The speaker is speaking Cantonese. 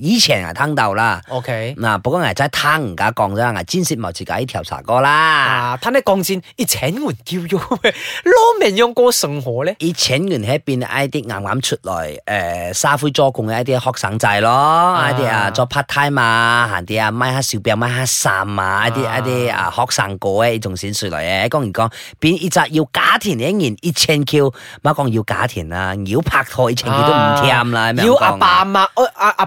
以前係聽到啦，嗱，不過係真係㓤人家講真係真實冇自己調查過啦。㓤啲鋼線以前換 Q 嘅，攞命用過甚何咧？以前喺邊啲啱啱出來，誒沙灰做工嘅啲學生仔咯，啲啊做 part time 啊，行啲啊賣下小餅賣下衫啊，啲啲啊學生哥誒仲先出來嘅，講完講邊一集要家庭仍然一千 Q，唔好講要家庭啊，如果拍拖一千 Q 都唔掂啦，要阿爸阿阿阿。